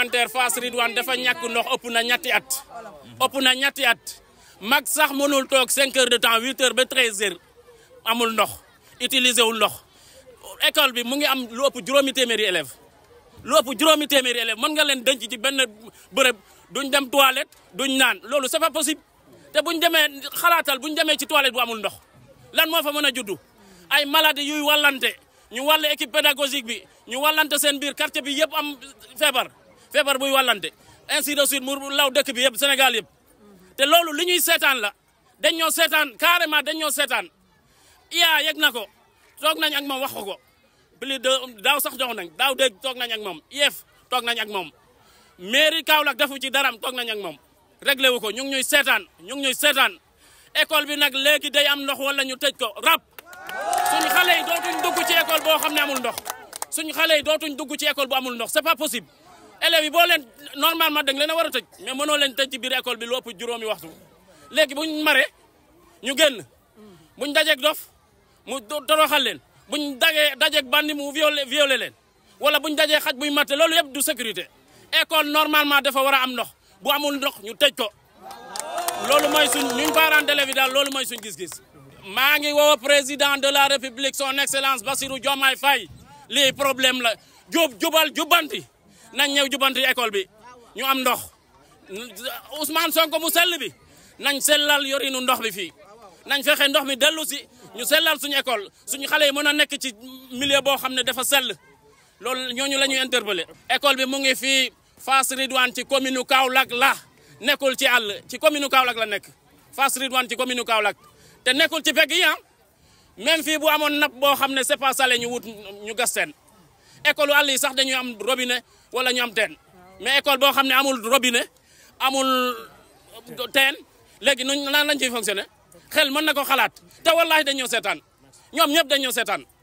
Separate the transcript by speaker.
Speaker 1: parlementaire Fass Ridwaan dafa ñàkk ndox ëpp na ñetti at ëpp na ñetti at mag sax mënul toog 5 heures de temps 8 heures ba 13 amul ndox utiliser wul ndox école bi mu ngi am lu ëpp juróomi téeméeri élève lu ëpp juróomi téeméeri élèves mën nga leen denc ci benn bërëb duñ dem toilette duñ naan loolu c'est pas possible te buñ demee xalaatal ñu demee ci toilette bu amul ndox lan moo fa mën a juddu ay maladi yuy wallante ñu wàll équipe pédagogique bi ñu wàllante seen biir quartier bi yëpp am feebar feebar buy wàllante ainsi de suite mu law dëkk bi yëpp senegal yëpp te loolu li ñuy seetaan la dañ ñoo seetaan carrément dañ ñoo seetaan iyaa yegg na ko toog nañ ak moom wax ko ko plus de sax jox nañ daaw dégg toog nañ ak moom yeef toog nañ ak moom kaw Kaolack defu ci daram toog nañ ak moom réglé wu ko ñu ngi ñuy seetaan ñu ngi ñuy seetaan école bi nag léegi day am ndox walla ñu tej ko rap suñu xale yi dootuñ dugg ci école boo xam ne amul ndox suñu xale yi dootuñ dugg ci école bu amul ndox c'est pas élèves yi boo leen normalement da nga leen a war a tëj mais mënoo leen tëj ci biir école bi lu ëpp juróomi waxtu léegi buñ mare ñu génn buñ dajeeg dof mu toroxal leen buñ dagee dajeeg bandi mu violé violé wala buñ dajee xaj buy matte loolu yëpp du sécurité école normalement dafa war a am ndox bu amul ndox ñu tëj ko loolu mooy suñ ñun parents d'élèves daal loolu mooy suñ gis-gis maa ngi woo président de la république son excellence Bassirou Diomaye Faye lii problème la jub jubal jubanti nañ ñëw jubanti école bi ñu am ndox Ousmane Sonko mu sell bi nañ sellal yorinu ndox bi fii nañ fexe ndox mi dellu si ñu sellal suñu école suñu xale yi mën a nekk ci milieu boo xam ne dafa sell loolu ñooñu la ñu interpellé. école bi mu ngi fii Fass Ridwan ci commune nu Kaolack la nekkul ci àll ci commune Kaolack la nekk Fass Ridwan ci commune nu Kaolack te nekkul ci pegg yi ah fi bu amoon napp boo xam ne c'est pas salé ñu wut ñu gas seen école àll yi sax dañuy am robine wala ñu am teen mais école boo xam ne amul robinet amul teen léegi nuñ naan lañ ciy fonctionné xel mën na ko xalaat te wallaahi dañ ñoo seetaan ñoom ñëpp dañ ñoo seetaan